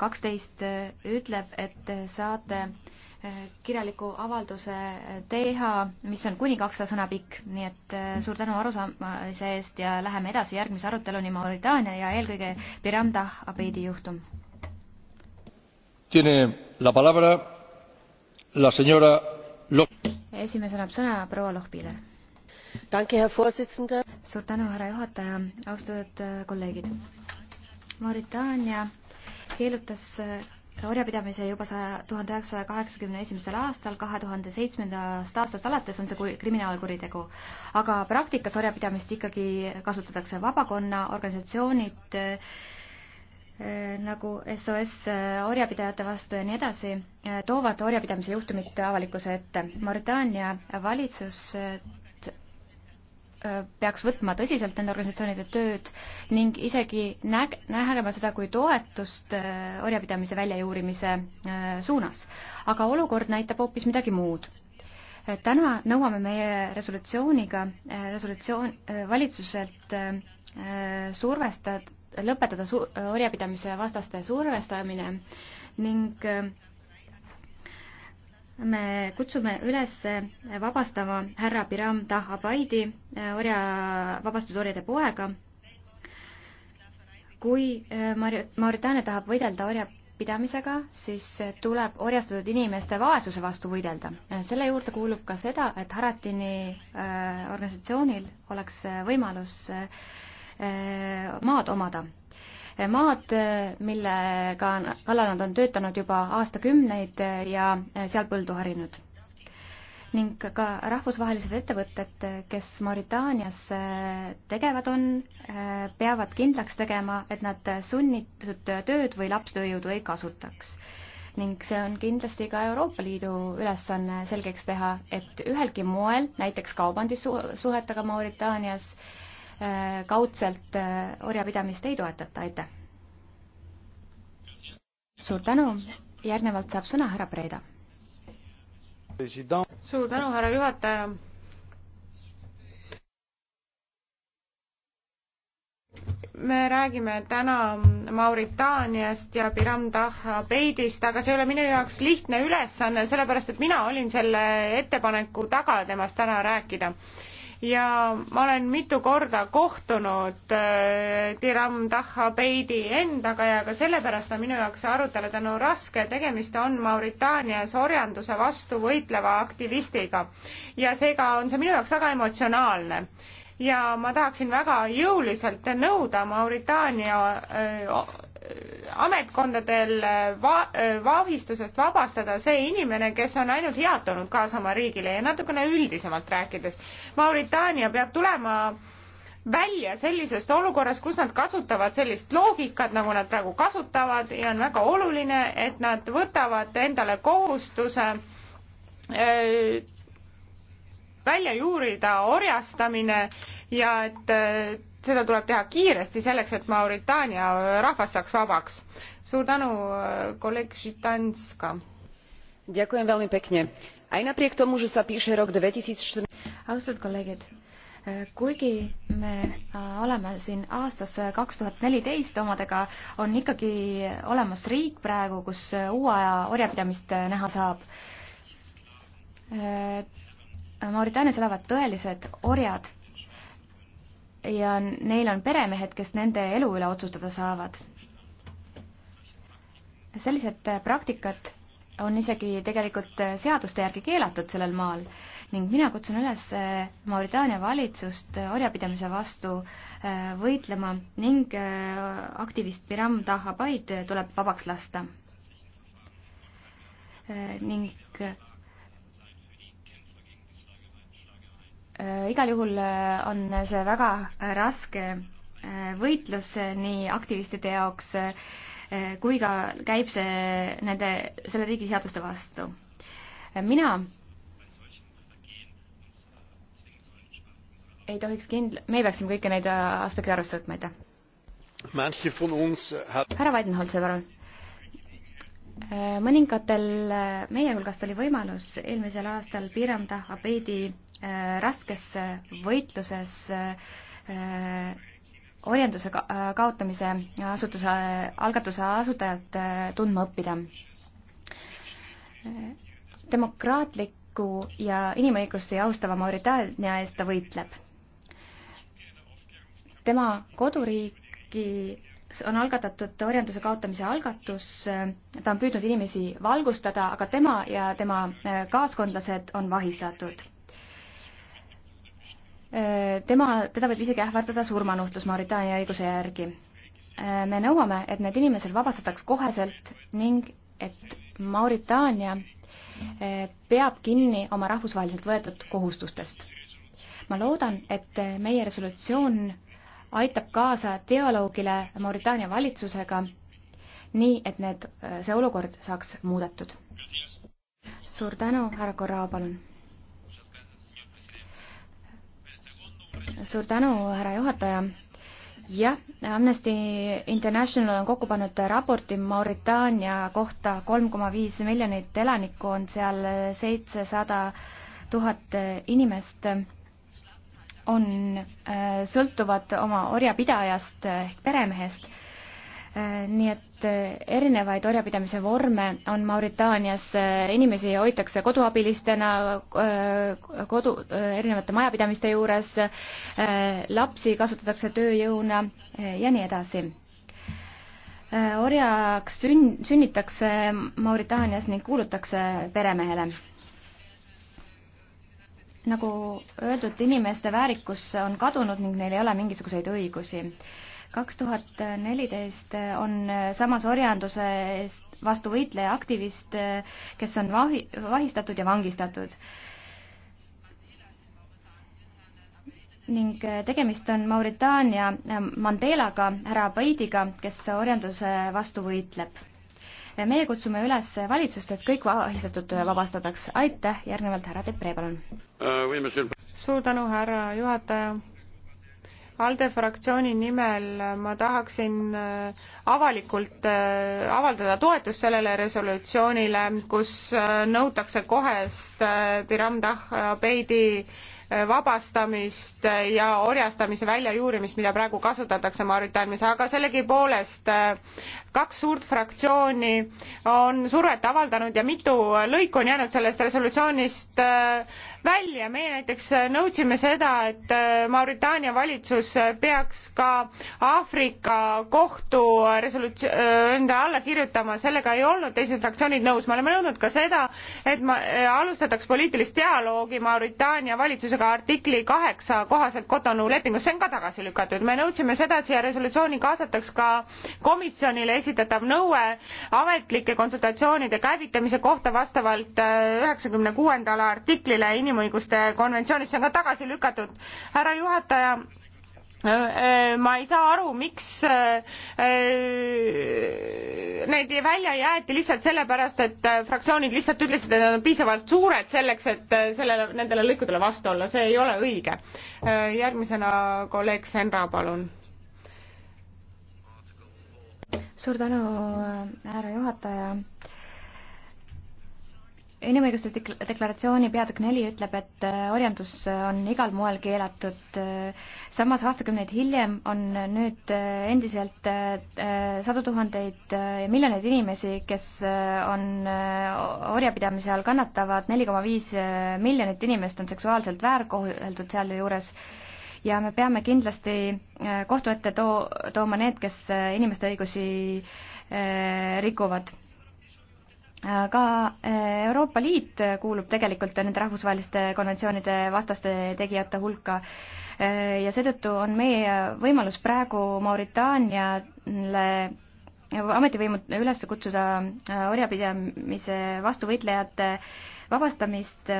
kaksteist eh, ütleb, et eh, saate eh, kirjaliku avalduse teha, mis on kuni kakssada sõna pikk, nii et suur tänu arusaamise eest ja läheme edasi järgmise aruteluni Mauritaania ja eelkõige Piranda Abeidi juhtum. esimesena saab sõna proua Lohpiler. suur tänu, härra juhataja, austatud kolleegid. Mauritaania keelutas äh, orjapidamise juba saja, tuhande üheksasaja kaheksakümne esimesel aastal, kahe tuhande seitsmendast aastast alates on see kriminaalkuritegu. aga praktikas orjapidamist ikkagi kasutatakse vabakonna organisatsioonid äh, nagu SOS äh, orjapidajate vastu ja nii edasi, toovad orjapidamise juhtumit avalikkuse ette. Mauritaania valitsus Äh, peaks võtma tõsiselt nende organisatsioonide tööd ning isegi näg-, nägema seda kui toetust äh, orjapidamise väljajuurimise äh, suunas. aga olukord näitab hoopis midagi muud. täna nõuame meie resolutsiooniga resolutsioon, valitsuselt survestada, lõpetada su-, orjapidamise vastaste survestamine ning me kutsume üles vabastama härra Piram Tahabaidi, eh, orja, vabastusorjade poega. kui eh, Mauritaania tahab võidelda orjapidamisega, siis tuleb orjastatud inimeste vaesuse vastu võidelda. Eh, selle juurde kuulub ka seda, et Haratini organisatsioonil oleks võimalus maad omada maad, millega kallal nad on töötanud juba aastakümneid ja seal põldu harinud. ning ka rahvusvahelised ettevõtted, kes Mauritaanias tegevad on, peavad kindlaks tegema, et nad sunnitud tööd või lapstööjõudu ei kasutaks ning see on kindlasti ka Euroopa Liidu ülesanne selgeks teha, et ühelgi moel, näiteks kaubandissuhetega Mauritaanias äh, Äh, kaudselt äh, orjapidamist ei toetata, aitäh. suur tänu, järgnevalt saab sõna härra Preeda. suur tänu, härra juhataja. me räägime täna Mauritaaniast ja Piram Tahabeidist, aga see ei ole minu jaoks lihtne ülesanne, sellepärast et mina olin selle ettepaneku taga temast täna rääkida ja ma olen mitu korda kohtunud äh, Tiram Tahabeidi endaga ja ka sellepärast on minu jaoks see arutelu tänu raske, tegemist on Mauritaanias orjanduse vastu võitleva aktivistiga ja seega on see minu jaoks väga emotsionaalne ja ma tahaksin väga jõuliselt nõuda Mauritaania äh, ametkondadel äh, va-, äh, vaagistusest vabastada see inimene, kes on ainult head toonud kaasa oma riigile ja natukene üldisemalt rääkides, Mauritaania peab tulema välja sellisest olukorrast, kus nad kasutavad sellist loogikat, nagu nad praegu kasutavad ja on väga oluline, et nad võtavad endale kohustuse öö, äh, välja juurida orjastamine ja et seda tuleb teha kiiresti selleks, et Mauritaania rahvas saaks vabaks. suur tänu, kolleeg Žitanska. austatud kolleegid, kuigi me oleme siin aastas kaks tuhat neliteist omadega, on ikkagi olemas riik praegu, kus uue aja orjapidamist näha saab äh, Mauritaanias elavad tõelised orjad ja neil on peremehed, kes nende elu üle otsustada saavad. sellised praktikad on isegi tegelikult seaduste järgi keelatud sellel maal ning mina kutsun üles eh, Mauritaania valitsust orjapidamise vastu eh, võitlema ning eh, aktivist Piram Tahabaid tuleb vabaks lasta. ning Äh, igal juhul äh, on see väga äh, raske võitlus nii aktivistide jaoks kui ka käib see nende, selle riigi seaduste vastu. mina ei tohiks kindla-, me peaksime kõiki neid aspekte arvesse võtma, aitäh. härra Weidenholzer, palun mõningatel meie hulgast oli võimalus eelmisel aastal piirata Abeidi Äh, raskes võitluses äh, orjanduse äh, kaotamise asutuse, algatuse asutajalt tundma õppida. demokraatliku ja inimõigusi austava Mauritaania eest ta võitleb. tema koduriiki on algatatud orjanduse kaotamise algatus, ta on püüdnud inimesi valgustada, aga tema ja tema kaaskondlased on vahistatud Äh, tema, teda võib isegi ähvardada surmanuhtlus Mauritaania õiguse järgi. Äh, me nõuame, et need inimesed vabastataks koheselt ning et Mauritaania äh, peab kinni oma rahvusvaheliselt võetud kohustustest. ma loodan, et meie resolutsioon aitab kaasa dialoogile Mauritaania valitsusega, nii et need, see olukord saaks muudetud. suur tänu, härra Korraa, palun suur tänu, härra juhataja. jah, Amnesty International on kokku pannud raporti Mauritaania kohta, kolm koma viis miljonit elanikku on seal, seitsesada tuhat inimest on, äh, sõltuvad oma orjapidajast ehk peremehest nii et eh, erinevaid orjapidamise vorme on Mauritaanias, eh, inimesi hoitakse koduabilistena eh, kodu, erinevate majapidamiste juures, lapsi kasutatakse tööjõuna ja nii edasi. orjaks sünn-, sünnitakse Mauritaanias ning kuulutakse peremehele nagu öeldud, inimeste väärikus on kadunud ning neil ei ole mingisuguseid õigusi kaks tuhat neliteist on samas orjanduse eest vastu võitleja aktivist, kes on vahi, vahistatud ja vangistatud. ning tegemist on Mauritaania Mandelaga, härra Abaidiga, kes orjanduse vastu võitleb. meie kutsume üles valitsust, et kõik vahistatud vabastataks. aitäh, järgnevalt härra Depree, palun uh,. Äh, oui, suur tänu, härra juhataja ALDE fraktsiooni nimel ma tahaksin äh, avalikult äh, avaldada toetust sellele resolutsioonile, kus äh, nõutakse kohest Biram Dahh Abeidi Äh, vabastamist ja orjastamise väljajuurimist, mida praegu kasutatakse Mauritaanias, aga sellegipoolest äh, kaks suurt fraktsiooni on survet avaldanud ja mitu lõiku on jäänud sellest resolutsioonist äh, välja. meie näiteks nõudsime seda, et Mauritaania valitsus peaks ka Aafrika kohtu resolutsioon endale alla kirjutama, sellega ei olnud teised fraktsioonid nõus. me oleme nõudnud ka seda, et ma, alustataks poliitilist dialoogi Mauritaania valitsusega õigusega artikli kaheksa kohaselt Cotonou lepingus, see on ka tagasi lükatud. me nõudsime seda, et siia resolutsiooni kaasataks ka komisjonile esitatav nõue ametlike konsultatsioonide käivitamise kohta vastavalt äh, üheksakümne kuuendale artiklile inimõiguste konventsioonis, see on ka tagasi lükatud. härra juhataja, Äh, äh, ma ei saa aru, miks äh, need välja jäeti lihtsalt sellepärast, et fraktsioonid lihtsalt ütlesid, et nad on piisavalt suured selleks, et sellele, nendele lõikudele vastu olla, see ei ole õige. järgmisena kolleeg Senra, palun. suur tänu, härra juhataja inimõiguste deklaratsiooni peatükk neli ütleb, et äh, orjandus äh, on igal moel keelatud. Äh, samas aastakümneid hiljem on nüüd endiselt sadu tuhandeid ja miljoneid inimesi, kes on orjapidamise all kannatavad, neli koma viis miljonit inimest on seksuaalselt väärkoheldud sealjuures ja me peame kindlasti kohtu ette too, tooma need, kes inimeste õigusi rikuvad ka eh, Euroopa Liit kuulub tegelikult nende rahvusvaheliste konventsioonide vastaste tegijate hulka eh, ja seetõttu on meie võimalus praegu Mauritaaniale ametivõimud üles kutsuda eh, orjapidamise vastuvõitlejate vabastamist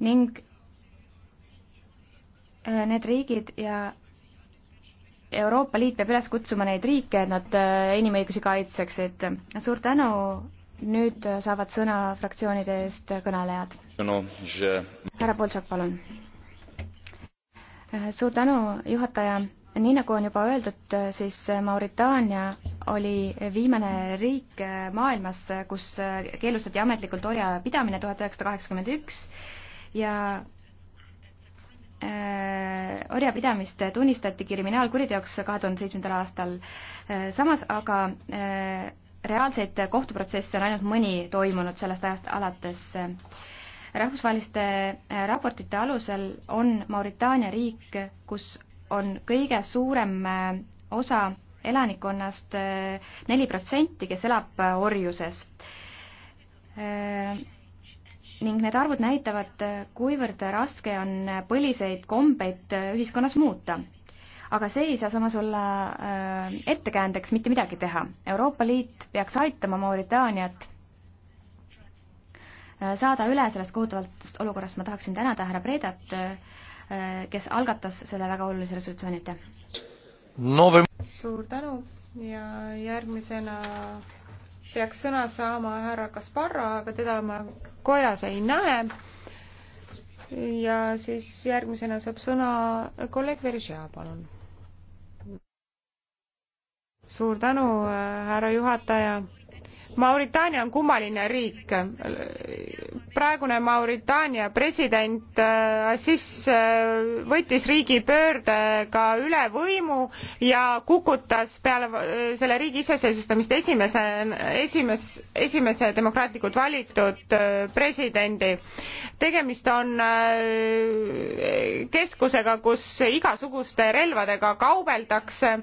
ning need riigid ja Euroopa Liit peab üles kutsuma neid riike, et nad inimõigusi kaitseksid. suur tänu nüüd äh, saavad sõna fraktsioonide eest kõnelejad no,. härra Poltsak, palun. Äh, suur tänu, juhataja. nii nagu on juba öeldud, äh, siis Mauritaania oli viimane riik maailmas, kus keelustati ametlikult orja pidamine tuhat üheksasada kaheksakümmend üks ja orjapidamist tunnistati kriminaalkuriteoks kahe tuhande seitsmendal aastal. samas aga reaalseid kohtuprotsesse on ainult mõni toimunud sellest ajast alates. rahvusvaheliste äh, raportite alusel on Mauritaania riik, kus on kõige suurem äh, osa elanikkonnast äh, neli protsenti, kes elab orjuses. ning need arvud näitavad, kuivõrd raske on põliseid kombeid ühiskonnas muuta aga see ei saa samas olla äh, ettekäändeks mitte midagi teha. Euroopa Liit peaks aitama Mauritaaniat äh, saada üle sellest kohutavast olukorrast, ma tahaksin tänada härra Predat, äh, kes algatas selle väga olulise resolutsiooni, aitäh no,! suur tänu ja järgmisena peaks sõna saama härra Kasparra, aga teda ma kojas ei näe. ja siis järgmisena saab sõna kolleeg Veržea, palun suur tänu, äh, härra juhataja Mauritaania on kummaline riik. praegune Mauritaania president äh, Assis äh, võttis riigipöördega üle võimu ja kukutas peale äh, selle riigi iseseisvustamist esimese, esimes, esimese demokraatlikult valitud presidendi. tegemist on keskusega, kus igasuguste relvadega kaubeldakse.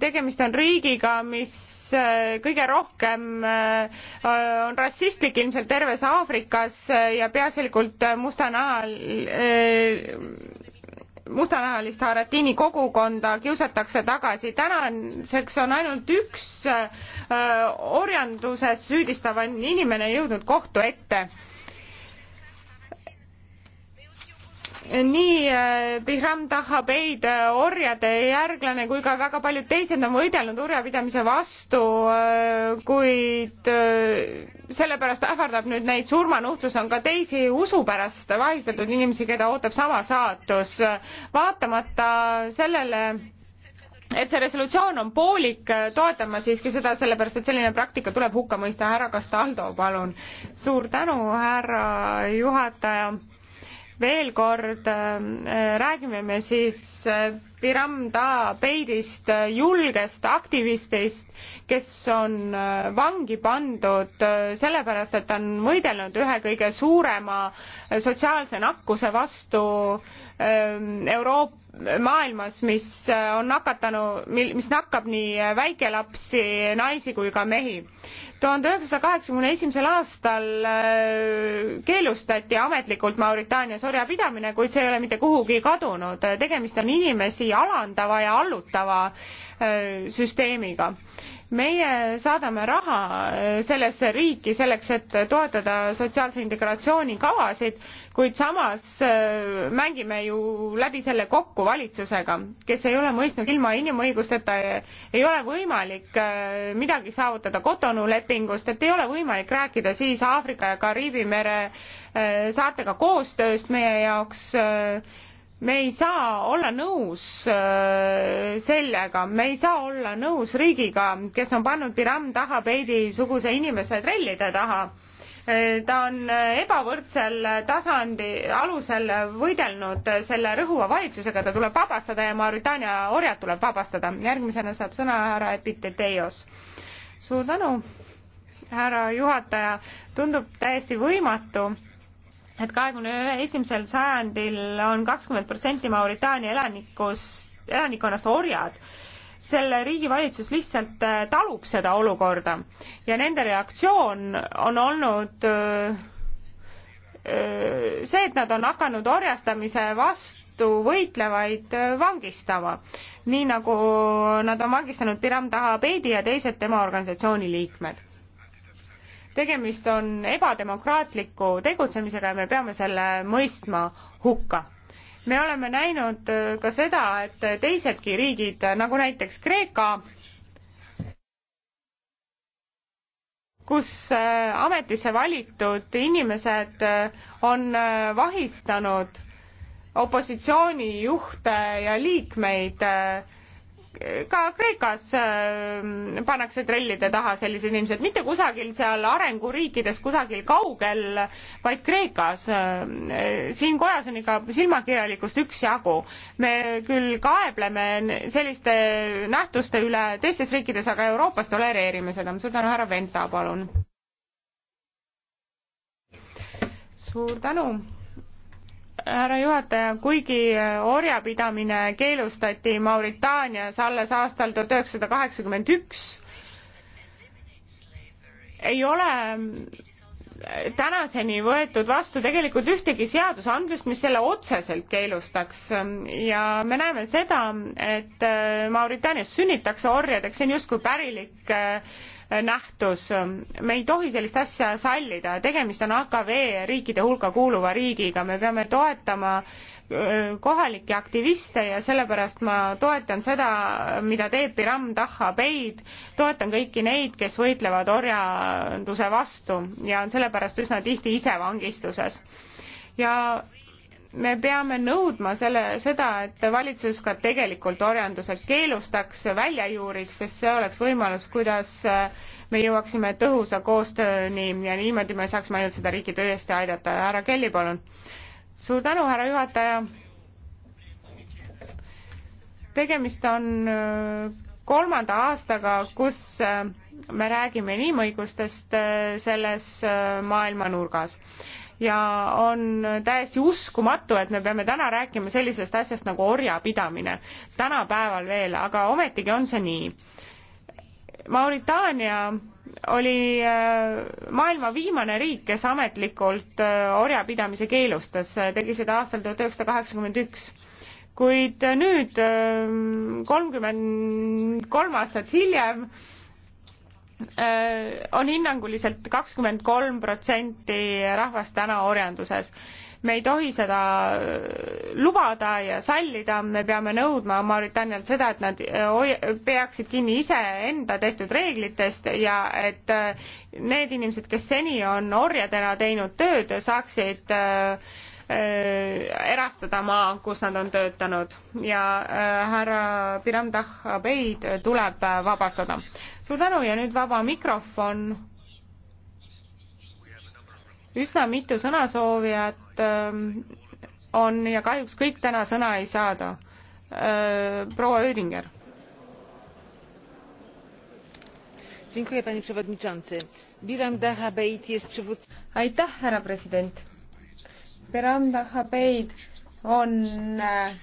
tegemist on riigiga, mis Äh, kõige rohkem äh, on rassistlik ilmselt terves Aafrikas äh, ja peaasjalikult mustanahal mustanahalist Haratini kogukonda kiusatakse tagasi. tänaseks on ainult üks orjanduses süüdistav inimene jõudnud kohtu ette nii äh, Bihram Tahabeid, äh, orjade järglane kui ka väga paljud teised on võidelnud orjapidamise vastu, äh, kuid sellepärast ähvardab nüüd neid surmanuhtlus, on ka teisi usu pärast vahistatud inimesi, keda ootab sama saatus. vaatamata sellele, et see resolutsioon on poolik, toetan ma siiski seda, sellepärast et selline praktika tuleb hukka mõista. härra Castaldo, palun. suur tänu, härra juhataja veel kord äh, räägime me siis äh, Piram Taabeidist, äh, julgest aktivistist, kes on vangi pandud sellepärast, et ta on võidelnud ühe kõige suurema sotsiaalse nakkuse vastu ähm, Euroopa maailmas, mis äh, on nakatanu, mis nakkab nii väikelapsi, naisi kui ka mehi. tuhande üheksasaja kaheksakümne esimesel aastal äh, keelustati ametlikult Mauritaanias orjapidamine, kuid see ei ole mitte kuhugi kadunud. tegemist on inimesi alandava ja allutava äh, süsteemiga meie saadame raha äh, sellesse riiki selleks, et toetada sotsiaalse integratsiooni kavasid, kuid samas äh, mängime ju läbi selle kokku valitsusega, kes ei ole mõistnud, ilma inimõigusteta ei ole võimalik äh, midagi saavutada Cotonou lepingust, et ei ole võimalik rääkida siis Aafrika ja Kariibi mere saartega koostööst meie jaoks me ei saa olla nõus äh, sellega, me ei saa olla nõus riigiga, kes on pannud Piram taha peidisuguse inimese trellide taha. Äh, ta on äh, ebavõrdsel tasandi alusel võidelnud selle rõhuva valitsusega, ta tuleb vabastada ja Mauritaania orjad tuleb vabastada. järgmisena saab sõna härra Epiteteios. suur tänu, härra juhataja, tundub täiesti võimatu et kahekümne esimesel sajandil on kakskümmend protsenti Mauritaania elanikust, elanikkonnast orjad. selle riigi valitsus lihtsalt äh, talub seda olukorda ja nende reaktsioon on olnud äh, äh, see, et nad on hakanud orjastamise vastu võitlevaid vangistama, nii nagu nad on vangistanud Piram Taha Beidi ja teised tema organisatsiooni liikmed tegemist on ebademokraatliku tegutsemisega ja me peame selle mõistma hukka. me oleme näinud äh, ka seda, et teisedki riigid, äh, nagu näiteks Kreeka, kus äh, ametisse valitud inimesed on vahistanud opositsioonijuhte ja liikmeid ka Kreekas äh, pannakse trellide taha sellised inimesed, mitte kusagil seal arenguriikides kusagil kaugel, vaid Kreekas. Äh, siin kojas on ikka silmakirjalikkust üksjagu. me küll kaebleme selliste nähtuste üle teistes riikides, aga Euroopas tolereerime seda. suur tänu, härra Venta, palun. suur tänu härra juhataja, kuigi äh, orjapidamine keelustati Mauritaanias alles aastal tuhat üheksasada kaheksakümmend üks, ei ole äh, tänaseni võetud vastu tegelikult ühtegi seadusandlust, mis selle otseselt keelustaks ja me näeme seda, et äh, Mauritaanias sünnitakse orjadeks, see on justkui pärilik äh, nähtus. me ei tohi sellist asja sallida, tegemist on AKV riikide hulka kuuluva riigiga, me peame toetama kohalikke aktiviste ja sellepärast ma toetan seda, mida teeb Piram Taha Beid, toetan kõiki neid, kes võitlevad orjanduse vastu ja on sellepärast üsna tihti ise vangistuses. ja me peame nõudma selle, seda, et valitsus ka tegelikult orjanduse keelustaks, välja juuriks, sest see oleks võimalus, kuidas äh, me jõuaksime tõhusa koostööni ja niimoodi me saaksime ainult seda riiki tõesti aidata. härra Kelly, palun. suur tänu, härra juhataja. tegemist on äh, kolmanda aastaga, kus äh, me räägime inimõigustest selles maailmanurgas ja on täiesti uskumatu, et me peame täna rääkima sellisest asjast nagu orjapidamine, tänapäeval veel, aga ometigi on see nii. Mauritaania oli äh, maailma viimane riik, kes ametlikult äh, orjapidamise keelustas, tegi seda aastal tuhat üheksasada kaheksakümmend üks kuid nüüd äh, kolmkümmend kolm aastat hiljem on hinnanguliselt kakskümmend kolm protsenti rahvast täna orjanduses. me ei tohi seda lubada ja sallida, me peame nõudma Mauritaanialt seda, et nad peaksid kinni iseenda tehtud reeglitest ja et äh, need inimesed, kes seni on orjadena teinud tööd, saaksid äh, äh, erastada maa, kus nad on töötanud ja härra Piramdah Abeid tuleb vabastada suur tänu ja nüüd vaba mikrofon. üsna mitu sõnasoovijat ähm, on ja kahjuks kõik täna sõna ei saada. Äh, proua Öödinger. aitäh, härra president. Beram Dahabeid on äh,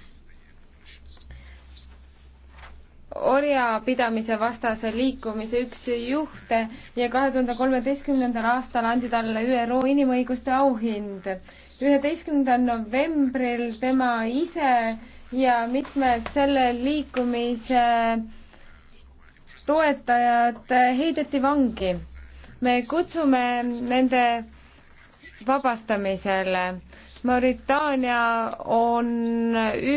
orjapidamise vastase liikumise üks juhte ja kahe tuhande kolmeteistkümnendal aastal andi talle ÜRO inimõiguste auhind. üheteistkümnendal novembril tema ise ja mitmed selle liikumise toetajad heideti vangi. me kutsume nende vabastamisele. Mauritaania on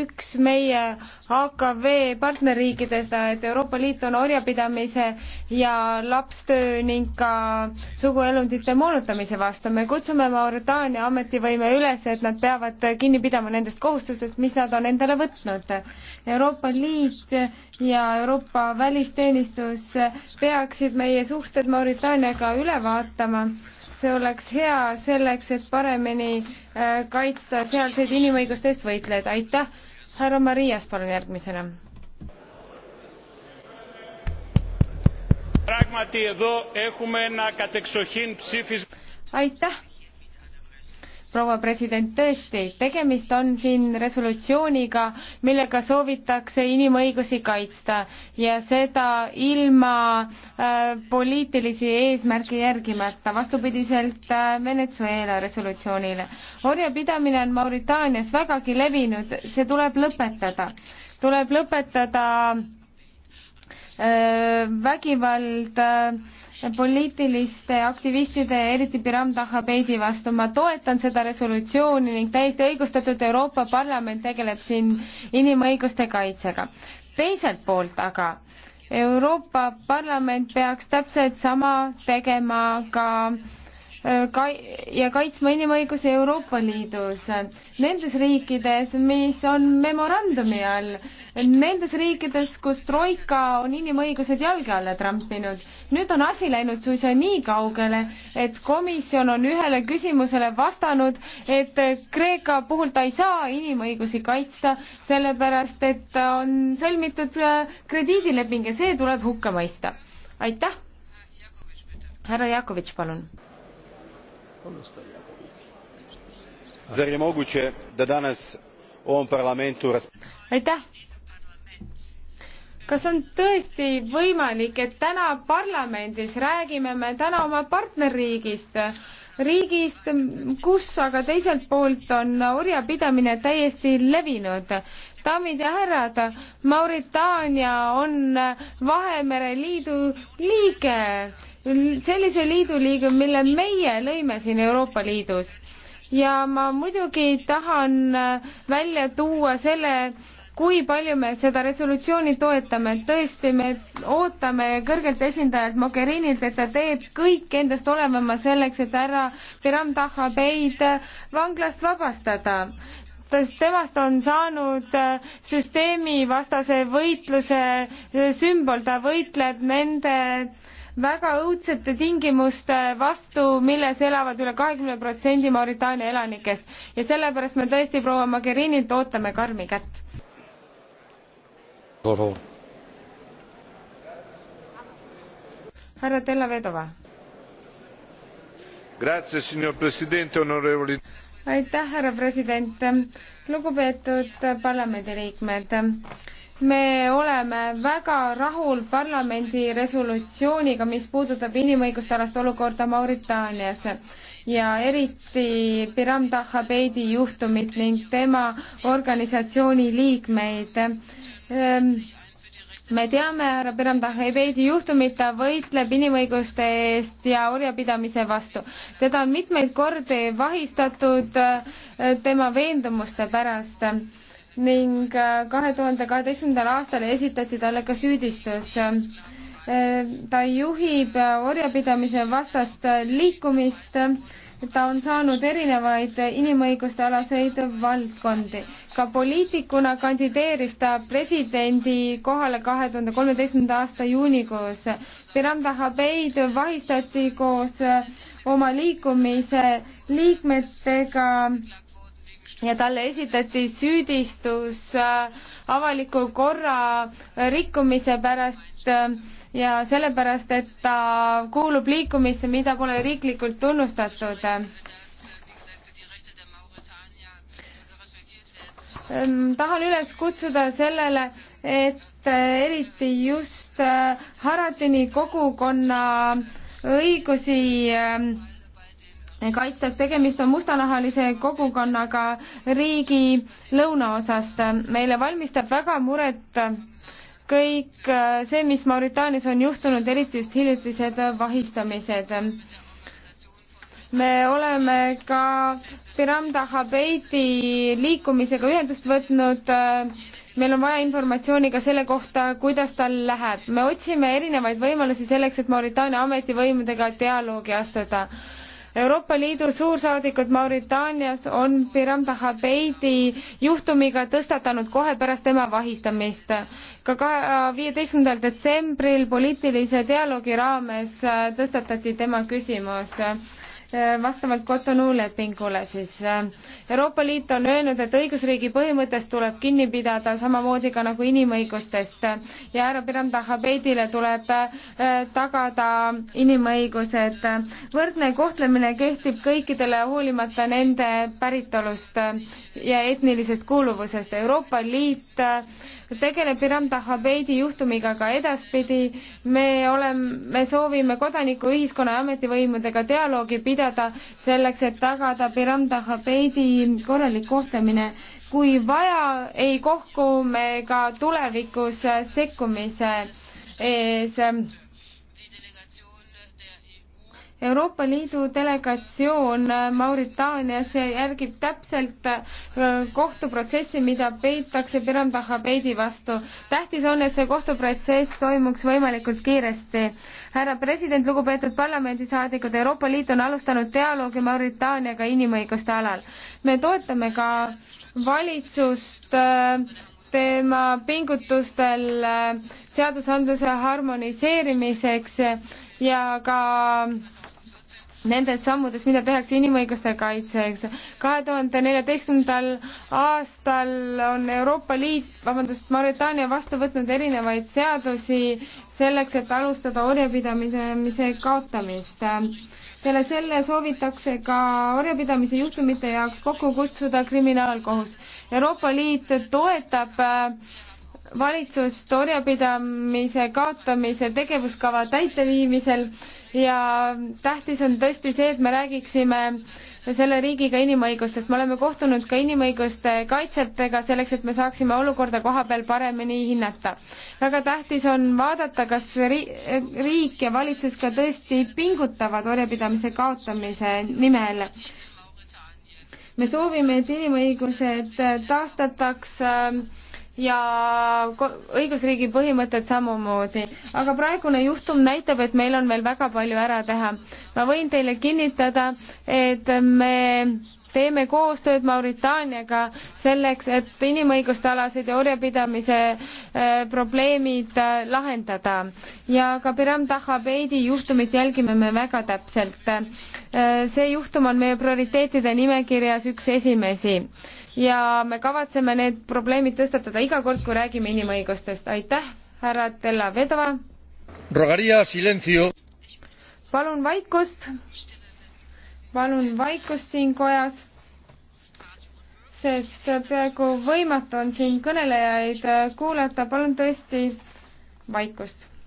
üks meie AKV partnerriikidest, et Euroopa Liit on orjapidamise ja lapstöö ning ka suguelundite moonutamise vastu. me kutsume Mauritaania ametivõime üles, et nad peavad kinni pidama nendest kohustustest, mis nad on endale võtnud. Euroopa Liit ja Euroopa välisteenistus peaksid meie suhted Mauritaaniaga üle vaatama. see oleks hea selle selleks, et paremini äh, kaitsta sealseid inimõiguste eest võitlejaid. aitäh, härra Marias, palun järgmisena. aitäh proua president, tõesti, tegemist on siin resolutsiooniga, millega soovitakse inimõigusi kaitsta ja seda ilma äh, poliitilisi eesmärke järgimata, vastupidiselt äh, Venezuela resolutsioonile. orjapidamine on Mauritaanias vägagi levinud, see tuleb lõpetada. tuleb lõpetada äh, vägivald äh, poliitiliste aktivistide ja eriti Biram Tahabeidi vastu. ma toetan seda resolutsiooni ning täiesti õigustatult Euroopa Parlament tegeleb siin inimõiguste kaitsega. teiselt poolt aga Euroopa Parlament peaks täpselt sama tegema ka äh, Äh, ja kaitsma inimõigusi Euroopa Liidus. Nendes riikides, mis on memorandumi all, nendes riikides, kus Troika on inimõigused jalge alla trampinud. nüüd on asi läinud suisa nii kaugele, et komisjon on ühele küsimusele vastanud, et Kreeka puhul ta ei saa inimõigusi kaitsta, sellepärast et on sõlmitud äh, krediidileping ja see tuleb hukka mõista. aitäh! härra Jakovitš, palun zar je moguće da danas u ovom parlamentu aitäh! kas on tõesti võimalik et täna parlamendis räägime me täna oma partnerriigist riigist, kus aga teiselt poolt on orjapidamine täiesti levinud. daamid ja härrad, Mauritaania on Vahemere Liidu liige sellise liidu liige, mille meie lõime siin Euroopa Liidus. ja ma muidugi tahan äh, välja tuua selle, kui palju me seda resolutsiooni toetame, et tõesti, me ootame kõrgelt esindajalt Mogherinilt, et ta teeb kõik endast olevama selleks, et härra Piram Tahabeid äh, vanglast vabastada temast on saanud äh, süsteemivastase võitluse sümbol, ta võitleb nende väga õudsete tingimuste vastu, milles elavad üle kahekümne protsendi Mauritaania elanikest ja sellepärast me tõesti proua Mogherinilt ootame karmi kätt. härra Della-Vedova. aitäh, härra president, lugupeetud parlamendiliikmed me oleme väga rahul parlamendi resolutsiooniga, mis puudutab inimõiguste alast olukorda Mauritaanias ja eriti Piram Tahabeidi juhtumit ning tema organisatsiooni liikmeid. Ehm, me teame härra Piram Tahabeidi juhtumit, ta võitleb inimõiguste eest ja orjapidamise vastu. teda on mitmeid kordi vahistatud ehm, tema veendumuste pärast ning äh, kahe tuhande kaheteistkümnendal aastal esitati talle ka süüdistus. Äh, ta juhib äh, orjapidamise vastast liikumist, ta on saanud erinevaid inimõiguste alaseid valdkondi. ka poliitikuna kandideeris ta presidendi kohale kahe tuhande kolmeteistkümnenda aasta juunikuus. Piranda Habeid vahistati koos oma liikumise liikmetega ja talle esitati süüdistus äh, avaliku korra rikkumise pärast äh, ja sellepärast, et ta kuulub liikumisse, mida pole riiklikult tunnustatud. Ähm, tahan üles kutsuda sellele, et äh, eriti just Haradžini kogukonna õigusi ähm, kaitstud. tegemist on mustanahalise kogukonnaga riigi lõunaosast. meile valmistab väga muret kõik see, mis Mauritaanias on juhtunud, eriti just hiljutised vahistamised. me oleme ka Piramda Habeidi liikumisega ühendust võtnud. meil on vaja informatsiooni ka selle kohta, kuidas tal läheb. me otsime erinevaid võimalusi selleks, et Mauritaania ametivõimudega dialoogi astuda Euroopa Liidu suursaadikud Mauritaanias on Piram Tahabeidi juhtumiga tõstatanud kohe pärast tema vahistamist. ka viieteistkümnendal detsembril poliitilise dialoogi raames äh, tõstatati tema küsimus Äh, vastavalt Cotonou lepingule siis. Äh, Euroopa Liit on öelnud, et õigusriigi põhimõttest tuleb kinni pidada, samamoodi ka nagu inimõigustest ja härra Piram Tahabeidile tuleb äh, tagada inimõigused. võrdne kohtlemine kehtib kõikidele, hoolimata nende päritolust ja etnilisest kuuluvusest. Euroopa Liit äh, tegeleb Iramda Habeidi juhtumiga ka edaspidi. me oleme, me soovime kodanikuühiskonna ja ametivõimudega dialoogi pidada selleks, et tagada Iramda Habeidi korralik kohtlemine. kui vaja, ei kohku me ka tulevikus sekkumise ees Euroopa Liidu delegatsioon Mauritaanias järgib täpselt äh, kohtuprotsessi, mida peetakse Piram Tahabeidi vastu. tähtis on, et see kohtuprotsess toimuks võimalikult kiiresti. härra president, lugupeetud parlamendisaadikud, Euroopa Liit on alustanud dialoogi Mauritaaniaga inimõiguste alal. me toetame ka valitsust äh, tema pingutustel äh, seadusandluse harmoniseerimiseks ja ka nendes sammudes, mida tehakse inimõiguste kaitseks. kahe tuhande neljateistkümnendal aastal on Euroopa Liit, vabandust, Mauritaania vastu võtnud erinevaid seadusi selleks, et alustada orjapidamise kaotamist. peale selle soovitakse ka orjapidamise juhtumite jaoks kokku kutsuda kriminaalkohus. Euroopa Liit toetab äh, valitsust orjapidamise kaotamise tegevuskava täiteviimisel ja tähtis on tõesti see, et me räägiksime selle riigiga inimõigustest. me oleme kohtunud ka inimõiguste kaitsjatega selleks, et me saaksime olukorda koha peal paremini hinnata. väga tähtis on vaadata, kas riik ja valitsus ka tõesti pingutavad orjapidamise kaotamise nimel. me soovime, et inimõigused taastataks äh, ja õigusriigi põhimõtted samamoodi. aga praegune juhtum näitab, et meil on veel väga palju ära teha. ma võin teile kinnitada, et me teeme koostööd Mauritaaniaga selleks, et inimõiguste alased ja orjapidamise äh, probleemid äh, lahendada. ja ka Piram Tahabeidi juhtumit jälgime me väga täpselt. Äh, see juhtum on meie prioriteetide nimekirjas üks esimesi ja me kavatseme need probleemid tõstatada iga kord, kui räägime inimõigustest. aitäh, härra Della Vedova. palun vaikust. palun vaikust siin kojas, sest peaaegu võimatu on siin kõnelejaid kuulata. palun tõesti vaikust